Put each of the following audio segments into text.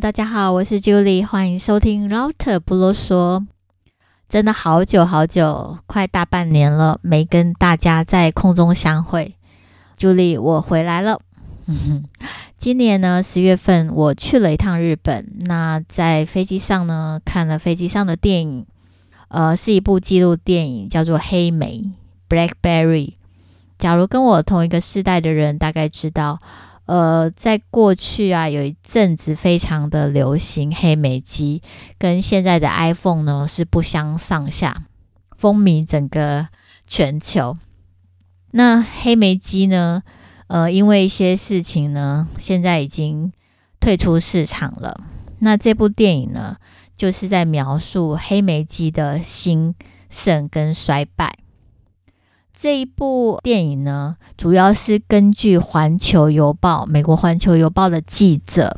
大家好，我是 Julie，歡迎收聽《Router 不囉嗦》。真的好久好久，快大半年了，沒跟大家在空中相會。Julie，我回來了。 今年呢，十月份我去了一趟日本。那在飛機上呢，看了飛機上的電影，呃，是一部紀錄電影，叫做《黑莓》（Blackberry）。假如跟我同一個世代的人，大概知道。呃，在過去啊，有一陣子非常的流行黑莓機，跟現在的 iPhone 呢是不相上下，風靡整個全球。那黑莓機呢，呃，因為一些事情呢，現在已經退出市場了。那這部電影呢，就是在描述黑莓機的興盛跟衰敗。這一部電影呢，主要是根據《環球郵報》美國《環球郵報》的記者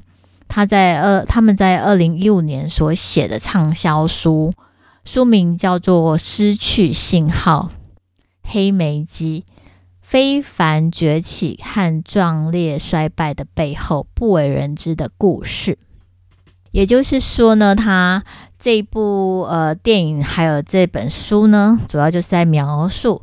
他在二、呃、他們在二零一五年所寫的暢銷書，書名叫做《失去信號：黑莓機非凡崛起和壯烈衰敗的背後不為人知的故事》。也就是說呢，他這一部呃電影還有這本書呢，主要就是在描述。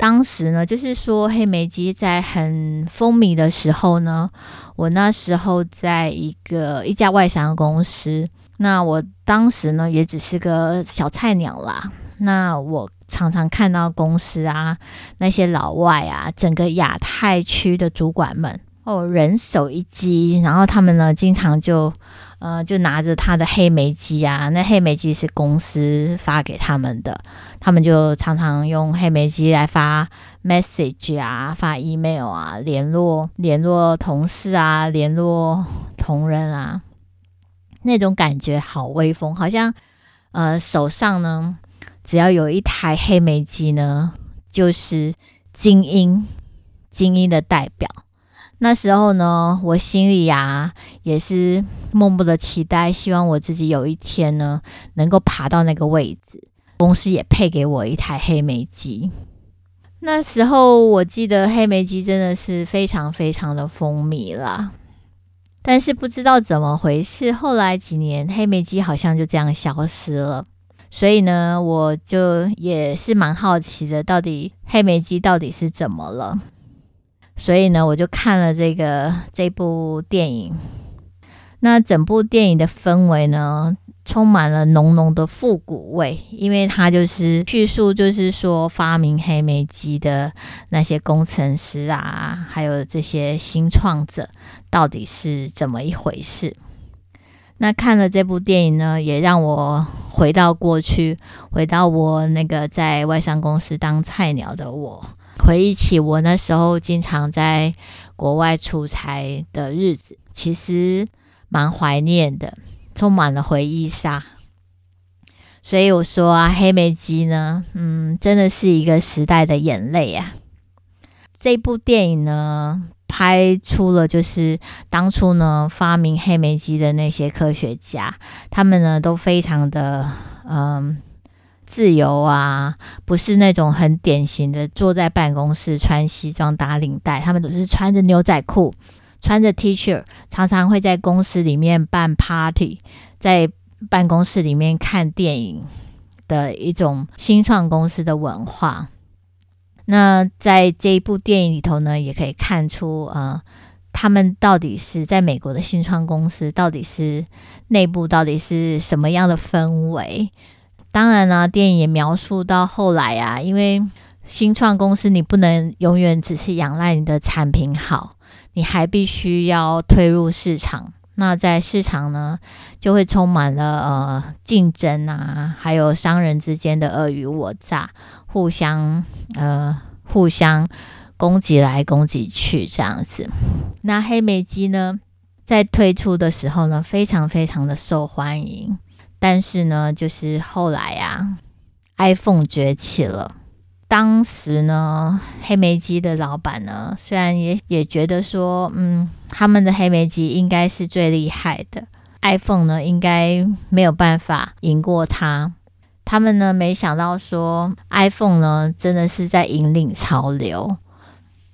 當時呢，就是說黑莓機在很風靡的時候呢，我那時候在一個一家外商公司，那我當時呢也只是個小菜鳥啦。那我常常看到公司啊那些老外啊，整個亞太區的主管們哦，人手一機，然後他們呢經常就。呃，就拿着他的黑莓機啊，那黑莓機是公司發給他們的，他們就常常用黑莓機來發 message 啊，發 email 啊，聯絡聯絡同事啊，聯絡同仁啊，那種感覺好威風，好像呃手上呢，只要有一台黑莓機呢，就是精英精英的代表。那時候呢，我心裡呀、啊、也是默默的期待，希望我自己有一天呢能夠爬到那個位置，公司也配給我一台黑莓機。那時候我記得黑莓機真的是非常非常的風靡啦。但是不知道怎麼回事，後來幾年黑莓機好像就這樣消失了。所以呢，我就也是蠻好奇的，到底黑莓機到底是怎麼了？所以呢，我就看了這個這部電影。那整部電影的氛圍呢，充滿了濃濃的復古味，因為它就是敘述，就是說發明黑莓機的那些工程師啊，還有這些新創者到底是怎麼一回事。那看了這部電影呢，也讓我回到過去，回到我那個在外商公司當菜鳥的我。回憶起我那時候經常在國外出差的日子，其實蠻懷念的，充滿了回憶殺。所以我說啊，黑莓機呢，嗯，真的是一個時代的眼淚啊。這部電影呢，拍出了就是當初呢，發明黑莓機的那些科學家，他們呢，都非常的嗯。自由啊，不是那種很典型的坐在辦公室穿西裝打領帶，他們都是穿着牛仔褲，穿着 T 恤，常常會在公司裡面辦 party，在辦公室裡面看電影的一種新創公司的文化。那在這一部電影裡頭呢，也可以看出呃，他們到底是在美國的新創公司，到底是內部到底是什麼樣的氛圍。當然啦、啊，電影也描述到後來啊，因為新創公司你不能永遠只是仰賴你的產品好，你還必須要推入市場。那在市場呢，就會充滿了呃競爭啊，還有商人之間的爾虞我詐，互相呃互相攻擊來攻擊去這樣子。那黑莓機呢，在推出的時候呢，非常非常的受歡迎。但是呢，就是後來啊，iPhone 崛起了。當時呢，黑莓機的老闆呢，雖然也也覺得說，嗯，他們的黑莓機應該是最厲害的，iPhone 呢應該沒有辦法贏過它。他們呢沒想到說，iPhone 呢真的是在引領潮流，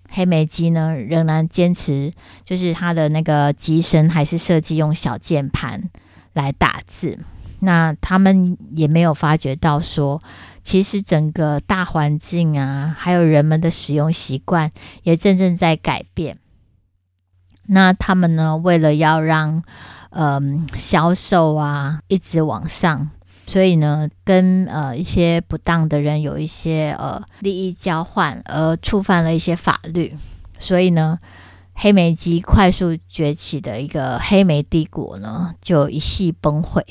黑莓機呢仍然堅持就是它的那個機身還是設計用小鍵盤來打字。那他們也沒有發覺到說，說其實整個大環境啊，還有人們的使用習慣也正正在改變。那他們呢，為了要讓嗯、呃、銷售啊一直往上，所以呢，跟呃一些不當的人有一些呃利益交換，而觸犯了一些法律。所以呢，黑莓機快速崛起的一個黑莓帝國呢，就一夕崩潰。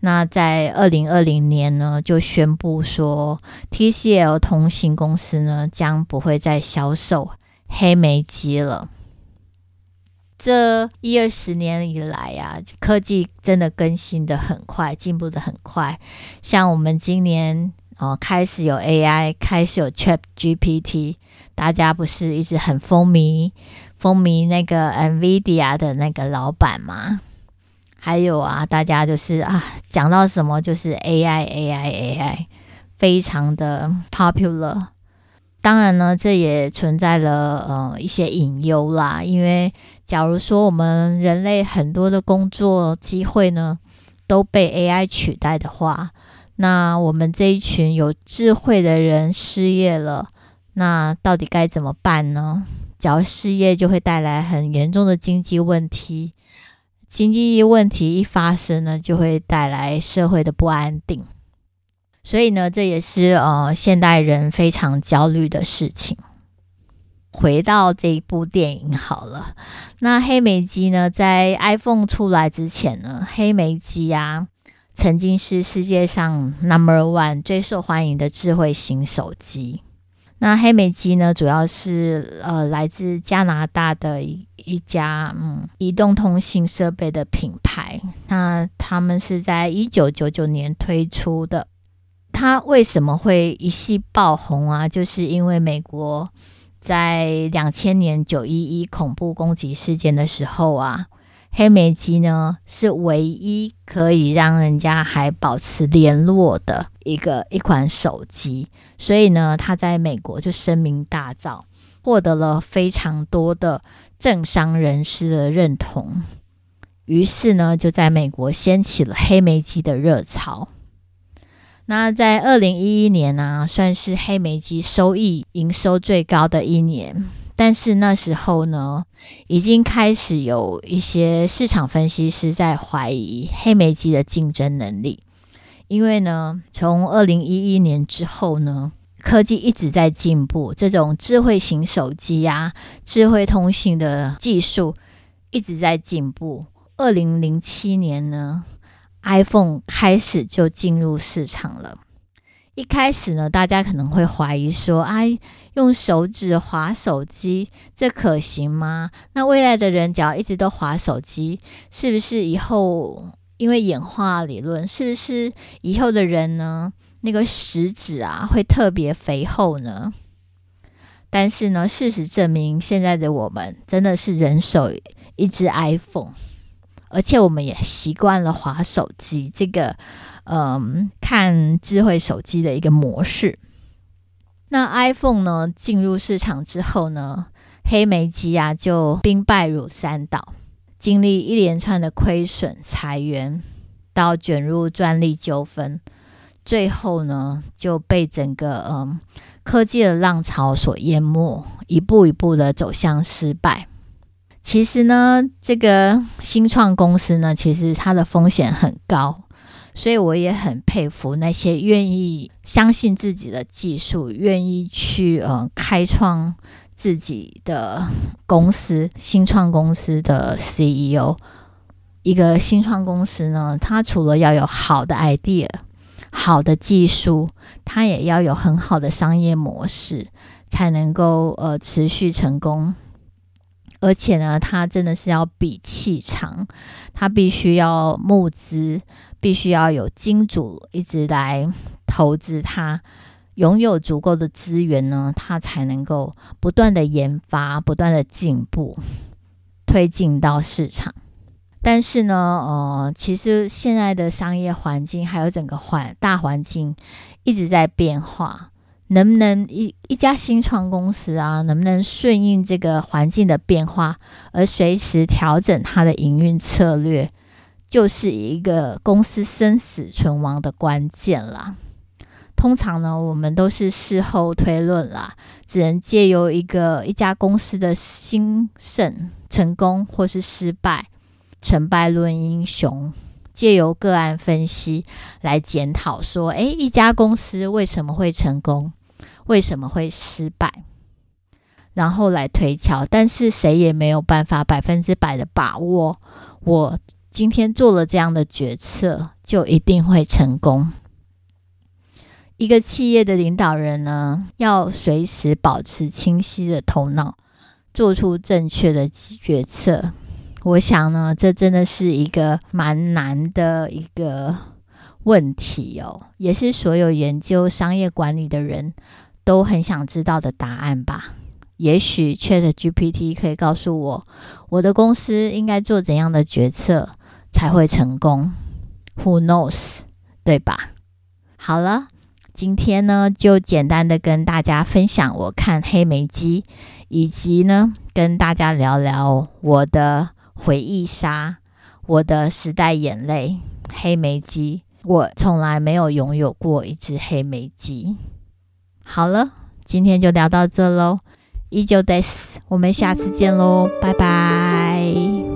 那在二零二零年呢，就宣布說 TCL 通信公司呢將不會再銷售黑莓機了。這一二十年以來啊，科技真的更新的很快，進步的很快。像我們今年哦、呃，開始有 AI，開始有 ChatGPT，大家不是一直很風靡，風靡那個 NVIDIA 的那個老闆嗎？還有啊，大家就是啊，講到什麼就是 AI，AI，AI，AI, AI, 非常的 popular。當然呢，這也存在了呃一些隱憂啦。因為假如說我們人類很多的工作機會呢都被 AI 取代的話，那我們這一群有智慧的人失業了，那到底該怎麼辦呢？假如失業，就會帶來很嚴重的經濟問題。經濟一問題一發生呢，就會帶來社會的不安定，所以呢，這也是呃現代人非常焦慮的事情。回到這一部電影好了，那黑莓機呢，在 iPhone 出來之前呢，黑莓機啊，曾經是世界上 Number One 最受歡迎的智慧型手機。那黑莓機呢，主要是呃來自加拿大的一家嗯移動通信設備的品牌。那他們是在一九九九年推出的。它為什麼會一夕爆紅啊？就是因為美國在兩千年九一一恐怖攻擊事件的時候啊。黑莓機呢，是唯一可以讓人家還保持聯絡的一個一款手機，所以呢，它在美國就聲名大噪，獲得了非常多的政商人士的認同。於是呢，就在美國掀起了黑莓機的熱潮。那在二零一一年呢、啊，算是黑莓機收益營收最高的一年。但是那時候呢，已經開始有一些市場分析師在懷疑黑莓機的競爭能力，因為呢，從二零一一年之後呢，科技一直在進步，這種智慧型手機呀、啊、智慧通信的技術一直在進步。二零零七年呢，iPhone 開始就進入市場了。一開始呢，大家可能會懷疑說：“哎，用手指滑手機，這可行嗎？”那未來的人，只要一直都滑手機，是不是以後因為演化理論，是不是以後的人呢，那個食指啊，會特別肥厚呢？但是呢，事實證明，現在的我們真的是人手一隻 iPhone，而且我們也習慣了滑手機這個。嗯，看智慧手機的一個模式。那 iPhone 呢進入市場之後呢，黑莓機啊就兵敗如山倒，經歷一連串的虧損、裁員，到卷入專利糾紛，最後呢就被整個嗯科技的浪潮所淹沒，一步一步的走向失敗。其實呢，這個新創公司呢，其實它的風險很高。所以我也很佩服那些願意相信自己的技術、願意去呃開創自己的公司、新創公司的 CEO。一個新創公司呢，它除了要有好的 idea、好的技術，它也要有很好的商業模式，才能夠呃持續成功。而且呢，它真的是要比氣長，它必須要募資，必須要有金主一直來投資它，擁有足夠的資源呢，它才能夠不斷的研發、不斷的進步，推進到市場。但是呢，呃，其實現在的商業環境還有整個環大環境一直在變化。能不能一一家新創公司啊？能不能順應這個環境的變化而隨時調整它的營運策略，就是一個公司生死存亡的關鍵了。通常呢，我們都是事後推論啦，只能借由一個一家公司的興盛、成功或是失敗，成敗論英雄，借由個案分析來檢討說：哎、欸，一家公司為什麼會成功？為什麼會失敗？然後來推敲，但是誰也沒有辦法百分之百的把握，我今天做了這樣的決策，就一定會成功。一個企業的領導人呢，要隨時保持清晰的頭腦，做出正確的決策。我想呢，這真的是一個蠻難的一個問題哦，也是所有研究商業管理的人。都很想知道的答案吧？也許 ChatGPT 可以告訴我，我的公司應該做怎樣的決策才會成功？Who knows？對吧？好了，今天呢，就簡單的跟大家分享我看黑莓機，以及呢，跟大家聊聊我的回憶殺，我的時代眼淚，黑莓機，我從來沒有擁有過一隻黑莓機。好了，今天就聊到這嘍。依舊 d s，我們下次見嘍，拜拜。